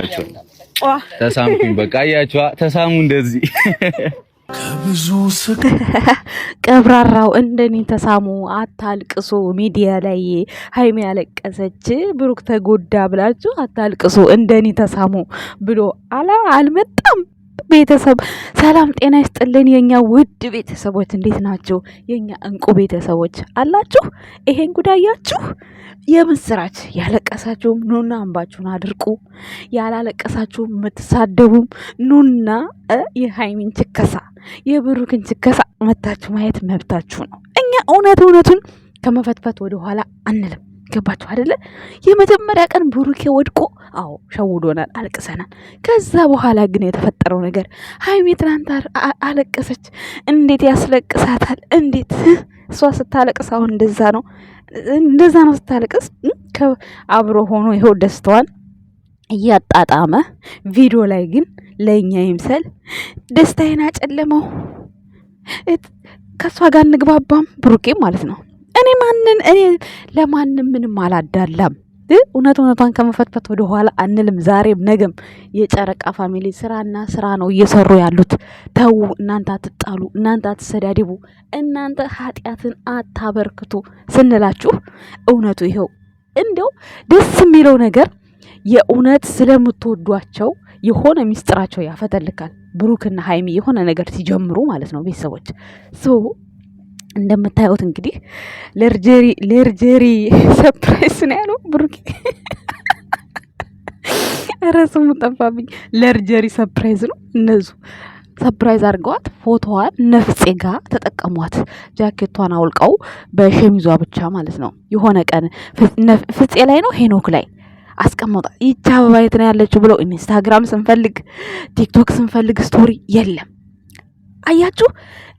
አያቸው ተሳምኩኝ። በቃ ተሳሙ። እንደዚህ ቀብራራው እንደኔ ተሳሙ። አታልቅሱ። ሚዲያ ላይ ሀይሚ ያለቀሰች ብሩክ ተጎዳ ብላችሁ አታልቅሱ። እንደኔ ተሳሙ ብሎ አላ አልመጣም ቤተሰብ ሰላም ጤና ይስጥልን። የኛ ውድ ቤተሰቦች እንዴት ናችሁ? የኛ እንቁ ቤተሰቦች አላችሁ? ይሄን ጉዳያችሁ የምስራች ያለቀሳችሁም ኑና አንባችሁን አድርቁ፣ ያላለቀሳችሁም የምትሳደቡም ኑና የሀይሚን ችከሳ የብሩክን ችከሳ መታችሁ ማየት መብታችሁ ነው። እኛ እውነት እውነቱን ከመፈትፈት ወደኋላ አንልም። ገባችሁ አደለ? የመጀመሪያ ቀን ብሩኬ ወድቆ፣ አዎ ሸውዶናል፣ አልቅሰናል። ከዛ በኋላ ግን የተፈጠረው ነገር ሀይሚ ትናንት አለቀሰች። እንዴት ያስለቅሳታል! እንዴት እሷ ስታለቅስ አሁን እንደዛ ነው እንደዛ ነው ስታለቅስ አብሮ ሆኖ ይኸው ደስተዋል እያጣጣመ ቪዲዮ ላይ ግን ለእኛ ይምሰል ደስታዬን አጨለመው። ከእሷ ጋር እንግባባም ብሩኬ ማለት ነው። እኔ ማንን እኔ ለማንም ምንም አላዳላም። እውነት እውነቷን ከመፈትፈት ወደ ኋላ አንልም። ዛሬም ነገም የጨረቃ ፋሚሊ ስራና ስራ ነው እየሰሩ ያሉት። ተዉ እናንተ አትጣሉ፣ እናንተ አትሰዳድቡ፣ እናንተ ኃጢአትን አታበርክቱ ስንላችሁ እውነቱ ይኸው። እንደው ደስ የሚለው ነገር የእውነት ስለምትወዷቸው የሆነ ሚስጥራቸው ያፈተልካል። ብሩክና ሀይሚ የሆነ ነገር ሲጀምሩ ማለት ነው ቤተሰቦች እንደምታዩት እንግዲህ ለርጀሪ ለርጀሪ ሰፕራይዝ ነው ያለው ብሩኬ። ረስሙ ጠፋብኝ። ለርጀሪ ሰፕራይዝ ነው እነሱ ሰፕራይዝ አድርገዋት ፎቶዋን ነፍጼ ጋር ተጠቀሟት። ጃኬቷን አውልቀው በሸሚዟ ብቻ ማለት ነው። የሆነ ቀን ፍጼ ላይ ነው ሄኖክ ላይ አስቀምጣ ይቺ አበባ የት ነው ያለችው ብለው ኢንስታግራም ስንፈልግ ቲክቶክ ስንፈልግ ስቶሪ የለም። አያችሁ፣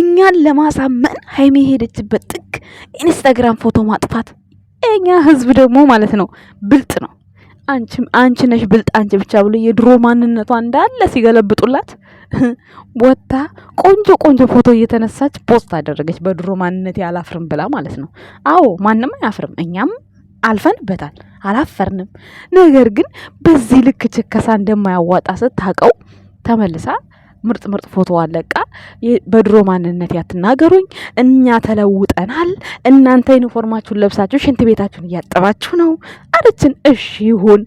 እኛን ለማሳመን ሀይሚ የሄደችበት ጥግ ኢንስታግራም ፎቶ ማጥፋት። እኛ ህዝብ ደግሞ ማለት ነው ብልጥ ነው። አንቺም አንቺ ነሽ ብልጥ አንቺ ብቻ ብሎ የድሮ ማንነቷ እንዳለ ሲገለብጡላት ወታ ቆንጆ ቆንጆ ፎቶ እየተነሳች ፖስት አደረገች። በድሮ ማንነት አላፍርም ብላ ማለት ነው። አዎ ማንም አያፍርም፣ እኛም አልፈንበታል፣ አላፈርንም። ነገር ግን በዚህ ልክ ችከሳ እንደማያዋጣ ስታውቀው ተመልሳ ምርጥ ምርጥ ፎቶ አለቃ በድሮ ማንነት ያትናገሩኝ። እኛ ተለውጠናል። እናንተ ዩኒፎርማችሁን ለብሳችሁ ሽንት ቤታችሁን እያጠባችሁ ነው አለችን። እሺ ይሁን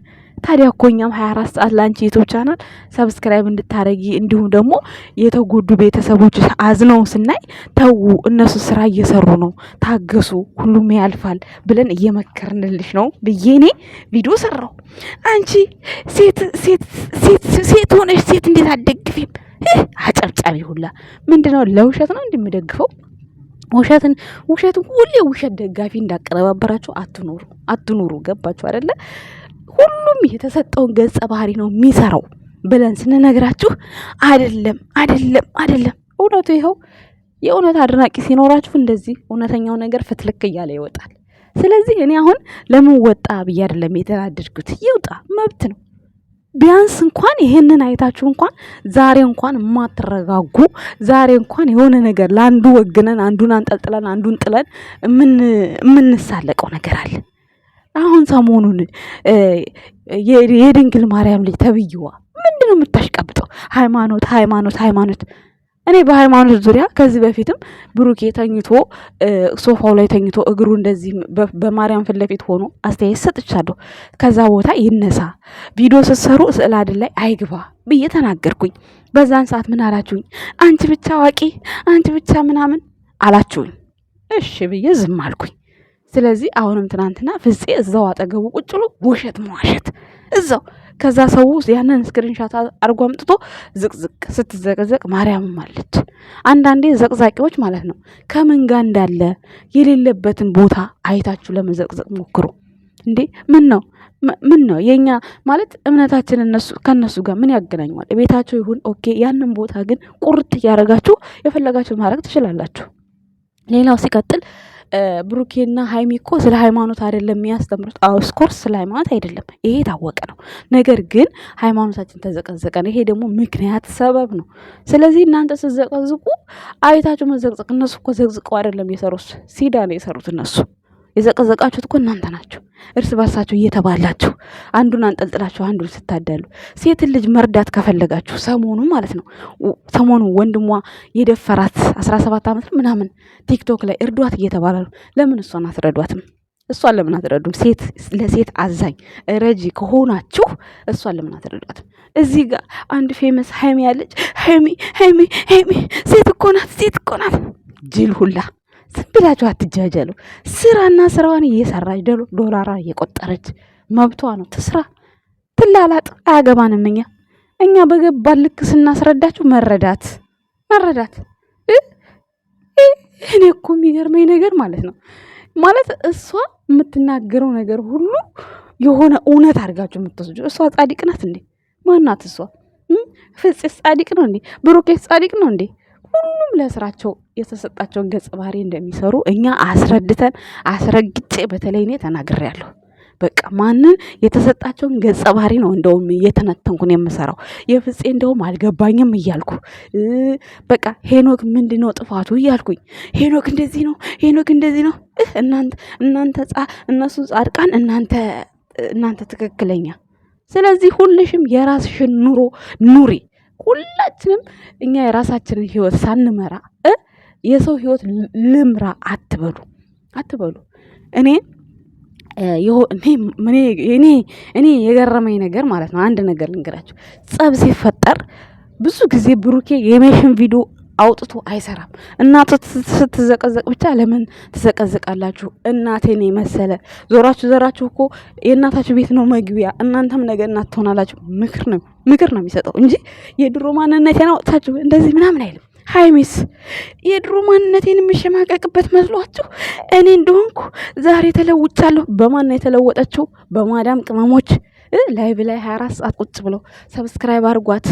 ታዲያ እኮ እኛም 24 ሰዓት ላንቺ ዩቲዩብ ቻናል ሰብስክራይብ እንድታረጊ እንዲሁም ደግሞ የተጎዱ ቤተሰቦች አዝነው ስናይ ተዉ፣ እነሱ ስራ እየሰሩ ነው፣ ታገሱ፣ ሁሉም ያልፋል ብለን እየመከርንልሽ ነው ብዬ እኔ ቪዲዮ ሰራው። አንቺ ሴት ሴት ሴት ሴት ሆነሽ ሴት እንዴት አደግፊም አጨብጫቢ ሁላ ምንድነው? ለውሸት ነው እንደምደግፈው ውሸትን ውሸትን ሁሌ ውሸት ደጋፊ እንዳቀረባበራችሁ አትኑሩ አትኑሩ። ገባችሁ አይደለ? ሁሉም የተሰጠውን ገጸ ባህሪ ነው የሚሰራው ብለን ስንነግራችሁ አይደለም አይደለም አይደለም፣ እውነቱ ይኸው። የእውነት አድናቂ ሲኖራችሁ እንደዚህ እውነተኛው ነገር ፍትልክ እያለ ይወጣል። ስለዚህ እኔ አሁን ለምን ወጣ ብዬ አይደለም የተናደድኩት፣ ይውጣ መብት ነው። ቢያንስ እንኳን ይሄንን አይታችሁ እንኳን ዛሬ እንኳን የማትረጋጉ ዛሬ እንኳን የሆነ ነገር ለአንዱ ወግነን አንዱን አንጠልጥለን አንዱን ጥለን የምንሳለቀው ነገር አለ። አሁን ሰሞኑን የድንግል ማርያም ልጅ ተብዬዋ ምንድነው የምታሽቀብጠው? ሃይማኖት ሃይማኖት ሃይማኖት እኔ በሃይማኖት ዙሪያ ከዚህ በፊትም ብሩኬ ተኝቶ ሶፋው ላይ ተኝቶ እግሩ እንደዚህ በማርያም ፊት ለፊት ሆኖ አስተያየት ሰጥቻለሁ። ከዛ ቦታ ይነሳ፣ ቪዲዮ ስትሰሩ ስዕል አድል ላይ አይግባ ብዬ ተናገርኩኝ። በዛን ሰዓት ምን አላችሁኝ? አንቺ ብቻ አዋቂ፣ አንቺ ብቻ ምናምን አላችሁኝ። እሺ ብዬ ዝም አልኩኝ። ስለዚህ አሁንም ትናንትና ፍፄ እዛው አጠገቡ ቁጭሎ ውሸት መዋሸት እዛው ከዛ ሰው ያንን ስክሪንሻት አድርጎ አምጥቶ ዝቅዝቅ ስትዘቅዘቅ ማርያምም አለች። አንዳንዴ ዘቅዛቂዎች ማለት ነው ከምን ጋር እንዳለ የሌለበትን ቦታ አይታችሁ ለመዘቅዘቅ ሞክሩ። እንዴ ምን ነው ምን ነው የኛ ማለት እምነታችን እነሱ ከእነሱ ጋር ምን ያገናኘዋል? ቤታቸው ይሁን ኦኬ። ያንን ቦታ ግን ቁርጥ እያደረጋችሁ የፈለጋችሁ ማድረግ ትችላላችሁ። ሌላው ሲቀጥል ብሩኬና ሀይሚ እኮ ስለ ሃይማኖት አይደለም የሚያስተምሩት። ኦፍኮርስ ስለ ሃይማኖት አይደለም፣ ይሄ የታወቀ ነው። ነገር ግን ሃይማኖታችን ተዘቀዘቀ ነው። ይሄ ደግሞ ምክንያት ሰበብ ነው። ስለዚህ እናንተ ስዘቀዝቁ አይታችሁ መዘቅዘቅ። እነሱ እኮ ዘቅዝቀው አይደለም የሰሩት፣ ሲዳ ነው የሰሩት እነሱ የዘቀዘቃችሁት እኮ እናንተ ናችሁ። እርስ በርሳችሁ እየተባላችሁ አንዱን አንጠልጥላችሁ አንዱን ስታዳሉ። ሴትን ልጅ መርዳት ከፈለጋችሁ ሰሞኑ ማለት ነው ሰሞኑ ወንድሟ የደፈራት አስራ ሰባት ዓመት ምናምን ቲክቶክ ላይ እርዷት እየተባላሉ ለምን እሷን አትረዷትም? እሷን ለምን አትረዱም? ሴት ለሴት አዛኝ ረጂ ከሆናችሁ እሷን ለምን አትረዷትም? እዚህ ጋር አንድ ፌመስ ሀይሚ ያለች ሀይሚ ሀይሚ ሀይሚ ሴት እኮ ናት፣ ሴት እኮ ናት። ጅል ሁላ ዝም ብላችሁ አትጃጃሉ። ስራና ስራዋን እየሰራች ዶላራ እየቆጠረች መብቷ ነው። ትስራ፣ ትላላጥ፣ አያገባንም። እኛ እኛ በገባን ልክ ስናስረዳችሁ መረዳት መረዳት። እኔ እኮ የሚገርመኝ ነገር ማለት ነው ማለት እሷ የምትናገረው ነገር ሁሉ የሆነ እውነት አድርጋችሁ የምትወስዱ እሷ ጻዲቅ ናት እንዴ? ማናት እሷ? ፍጽስ ጻዲቅ ነው እንዴ? ብሩኬስ ጻዲቅ ነው እንዴ? ሁሉም ለስራቸው የተሰጣቸውን ገጽ ባህሪ እንደሚሰሩ እኛ አስረድተን አስረግጬ በተለይ እኔ ተናግሬያለሁ። በቃ ማንን የተሰጣቸውን ገጸ ባህሪ ነው እንደውም እየተነተንኩን የምሰራው። የፍፄ እንደውም አልገባኝም እያልኩ በቃ ሄኖክ ምንድን ነው ጥፋቱ እያልኩኝ ሄኖክ እንደዚህ ነው፣ ሄኖክ እንደዚህ ነው። እናንተ እናንተ እነሱ ጻድቃን፣ እናንተ እናንተ ትክክለኛ። ስለዚህ ሁልሽም የራስሽን ኑሮ ኑሪ። ሁላችንም እኛ የራሳችንን ህይወት ሳንመራ የሰው ህይወት ልምራ አትበሉ አትበሉ። እኔ እኔ የገረመኝ ነገር ማለት ነው አንድ ነገር ልንገራችሁ። ጸብ ሲፈጠር ብዙ ጊዜ ብሩኬ የሜሽን ቪዲዮ አውጥቶ አይሰራም። እናት ስትዘቀዘቅ ብቻ ለምን ትዘቀዘቃላችሁ? እናቴን የመሰለ ዞራችሁ ዘራችሁ እኮ የእናታችሁ ቤት ነው መግቢያ። እናንተም ነገ እናት ትሆናላችሁ። ምክር ነው ምክር ነው የሚሰጠው እንጂ የድሮ ማንነቴን አውጥታችሁ እንደዚህ ምናምን አይልም። ሀይሚስ የድሮ ማንነቴን የሚሸማቀቅበት መስሏችሁ እኔ እንደሆንኩ ዛሬ ተለውጫለሁ። በማን ነው የተለወጠችው? በማዳም ቅመሞች ላይ ብላይ 24 ሰዓት ቁጭ ብለው ሰብስክራይብ አድርጓት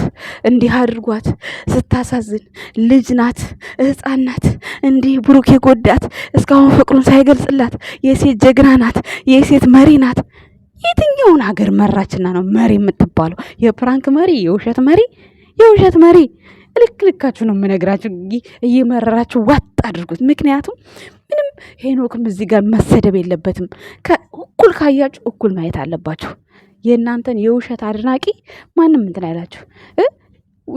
እንዲህ አድርጓት። ስታሳዝን ልጅ ናት፣ ህፃን ናት። እንዲህ ብሩክ የጎዳት እስካሁን ፍቅሩን ሳይገልጽላት የሴት ጀግና ናት፣ የሴት መሪ ናት። የትኛውን ሀገር መራችና ነው መሪ የምትባለው? የፕራንክ መሪ፣ የውሸት መሪ፣ የውሸት መሪ። ልክ ልካችሁ ነው የምነግራችሁ። እየመረራችሁ ዋጥ አድርጉት። ምክንያቱም ምንም ሄኖክም እዚህ ጋር መሰደብ የለበትም። እኩል ካያችሁ እኩል ማየት አለባችሁ። የእናንተን የውሸት አድናቂ ማንም እንትን አይላችሁ።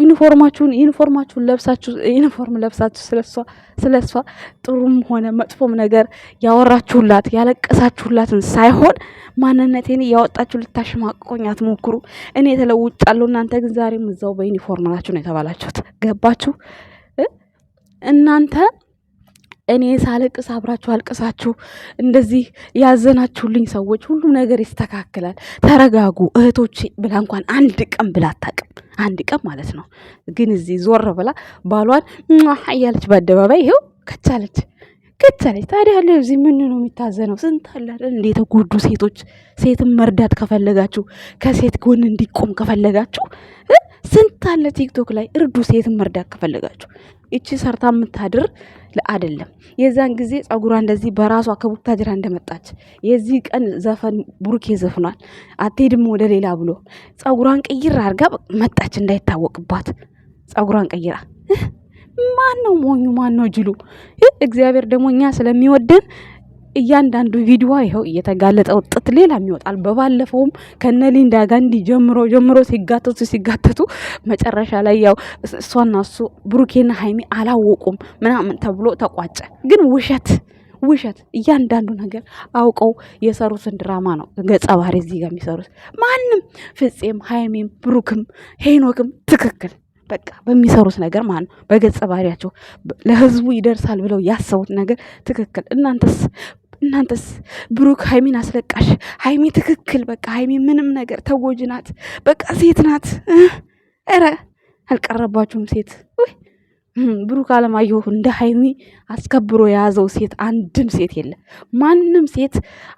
ዩኒፎርማችሁን ዩኒፎርማችሁን ለብሳችሁ ዩኒፎርም ለብሳችሁ ስለሷ ስለሷ ጥሩም ሆነ መጥፎም ነገር ያወራችሁላት ያለቀሳችሁላትን ሳይሆን ማንነቴን ያወጣችሁ ልታሸማቅቆኝ አትሞክሩ። እኔ ተለውጫለሁ፣ እናንተ ግን ዛሬም እዛው በዩኒፎርም ናችሁ ነው የተባላችሁት። ገባችሁ እናንተ እኔ ሳለቅስ አብራችሁ አልቅሳችሁ እንደዚህ ያዘናችሁልኝ ሰዎች ሁሉም ነገር ይስተካከላል፣ ተረጋጉ እህቶች ብላ እንኳን አንድ ቀን ብላ አታውቅም። አንድ ቀን ማለት ነው። ግን እዚህ ዞር ብላ ባሏን እያለች በአደባባይ ይኸው ከቻለች ከተለች ታዲያ ያለ እዚህ ምን ነው የሚታዘነው? ስንት አለ አይደል? እንደ የተጎዱ ሴቶች ሴትን መርዳት ከፈለጋችሁ ከሴት ጎን እንዲቆም ከፈለጋችሁ ስንት አለ ቲክቶክ ላይ እርዱ። ሴትን መርዳት ከፈለጋችሁ እቺ ሰርታ የምታድር አይደለም። የዛን ጊዜ ጸጉሯ እንደዚህ በራሷ ከቡታጅራ እንደመጣች የዚህ ቀን ዘፈን ቡርኬ ዘፍኗል። አትሄድም ወደ ሌላ ብሎ ጸጉሯን ቀይራ አድርጋ መጣች፣ እንዳይታወቅባት ጸጉሯን ቀይራ። ማን ነው ሞኙ? ማን ነው ጅሉ? እግዚአብሔር ደግሞ እኛ ስለሚወደን እያንዳንዱ ቪዲዮ ይኸው እየተጋለጠ ውጥት ሌላም ይወጣል። በባለፈውም ከነሊንዳ ጋንዲ ጀምሮ ጀምሮ ሲጋተቱ ሲጋተቱ መጨረሻ ላይ ያው እሷና እሱ ብሩኬና ሀይሚ አላወቁም ምናምን ተብሎ ተቋጨ። ግን ውሸት ውሸት እያንዳንዱ ነገር አውቀው የሰሩትን ድራማ ነው ገጸ ባህሪ እዚህ ጋር የሚሰሩት ማንም ፍፄም፣ ሀይሜም፣ ብሩክም ሄኖክም ትክክል በቃ በሚሰሩት ነገር ማለት ነው። በገጸ ባህሪያቸው ለህዝቡ ይደርሳል ብለው ያሰቡት ነገር ትክክል። እናንተስ እናንተስ ብሩክ ሀይሚን አስለቃሽ፣ ሀይሚ ትክክል። በቃ ሀይሚ ምንም ነገር ተጎጂ ናት። በቃ ሴት ናት። ኧረ አልቀረባችሁም ሴት ብሩክ አለማየሁ እንደ ሀይሚ አስከብሮ የያዘው ሴት አንድም ሴት የለ። ማንም ሴት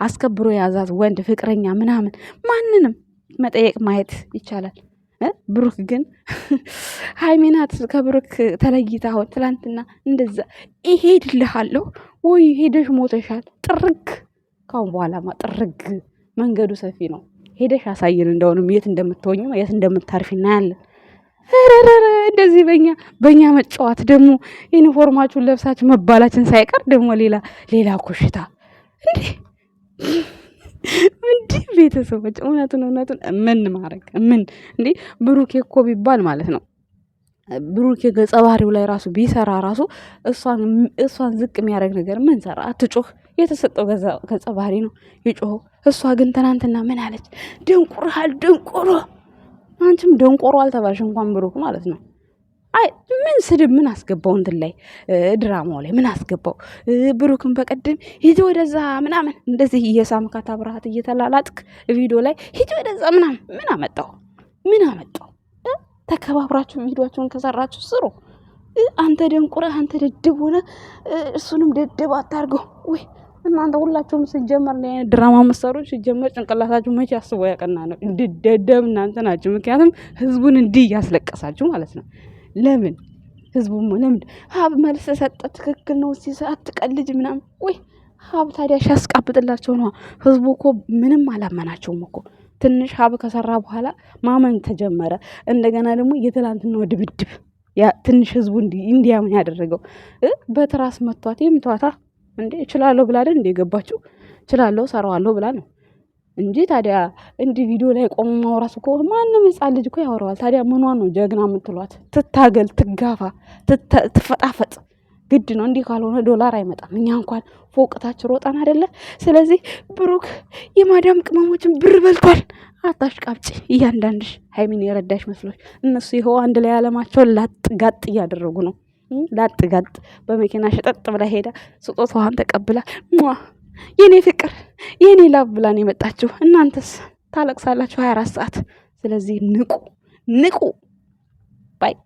አስከብሮ የያዛት ወንድ ፍቅረኛ ምናምን ማንንም መጠየቅ ማየት ይቻላል። ብሩክ ግን ሃይሜናት ከብሩክ ተለይታ አሁን ትላንትና እንደዛ ይሄድልሃለሁ ወይ ሄደሽ ሞተሻል። ጥርግ ካሁን በኋላማ ጥርግ፣ መንገዱ ሰፊ ነው። ሄደሽ አሳየን፣ እንደሆንም የት እንደምትሆኝ የት እንደምታርፊ እናያለን። እንደዚህ በኛ በእኛ መጫወት ደግሞ ዩኒፎርማችሁን ለብሳችሁ መባላችን ሳይቀር ደግሞ ሌላ ሌላ ኮሽታ እንዴ! እንዲህ ቤተሰቦች እውነቱን እውነቱን ምን ማድረግ ምን እንዴ ብሩኬ እኮ ቢባል ማለት ነው ብሩኬ ገጸ ባህሪው ላይ ራሱ ቢሰራ ራሱ እሷን ዝቅ የሚያደርግ ነገር ምን ሰራ? አትጮህ። የተሰጠው ገጸ ባህሪ ነው ይጮህ። እሷ ግን ትናንትና ምን አለች? ደንቁርሃል፣ ደንቆሮ። አንቺም ደንቆሮ አልተባልሽ እንኳን ብሩክ ማለት ነው አይ ምን ስድብ ምን አስገባው እንትን ላይ ድራማው ላይ ምን አስገባው? ብሩክን በቀደም ሂጂ ወደዛ ምናምን እንደዚህ እየሳምካት አብረሃት እየተላላጥክ ቪዲዮ ላይ ሂጂ ወደዛ ምናምን ምን አመጣው? ምን አመጣው? ተከባብራችሁ ቪዲዮችሁን ከሰራችሁ ስሩ። አንተ ደንቁረ አንተ ደድብ ሆነ እሱንም ደድብ አታርገው ወይ እናንተ ሁላችሁም ሲጀመር ድራማ መሰሩ ሲጀመር ጭንቅላታችሁ መቼ አስቦ ያቀና ነው? ደደብ እናንተ ናችሁ። ምክንያቱም ህዝቡን እንዲህ እያስለቀሳችሁ ማለት ነው። ለምን ህዝቡም ለምን ሀብ መልስ ሰጠ። ትክክል ነው ሲ አትቀልጅ ምናምን ወይ ሀብ ታዲያ ሲያስቃብጥላቸው ነ ህዝቡ እኮ ምንም አላመናቸውም እኮ ትንሽ ሀብ ከሰራ በኋላ ማመን ተጀመረ። እንደገና ደግሞ የትላንትናው ድብድብ ትንሽ ህዝቡ እንዲያምን ያደረገው በትራስ መቷት የምትዋታ እንዴ እችላለሁ ብላ አይደል እንደ ገባችው እችላለሁ ሰራዋለሁ ብላ ነው። እንጂ ታዲያ እንዲህ ቪዲዮ ላይ ቆሞ ማውራት እኮ ማንም ሕፃን ልጅ እኮ ያወራዋል። ታዲያ ምኗ ነው ጀግና የምትሏት? ትታገል፣ ትጋፋ፣ ትፈጣፈጥ ግድ ነው። እንዲህ ካልሆነ ዶላር አይመጣም። እኛ እንኳን ፎቅታች ሮጣን አይደለ? ስለዚህ ብሩክ የማዳም ቅመሞችን ብር በልቷል። አታሽ ቃብጭ እያንዳንድሽ ሀይሚን የረዳሽ መስሎች እነሱ ይኸው አንድ ላይ አለማቸውን ላጥ ጋጥ እያደረጉ ነው። ላጥ ጋጥ በመኪና ሸጠጥ ብላ ሄዳ ስጦታዋን ተቀብላ የኔ ፍቅር የኔ ላብ ብላን የመጣችሁ እናንተስ ታለቅሳላችሁ 24 ሰዓት። ስለዚህ ንቁ ንቁ ባይ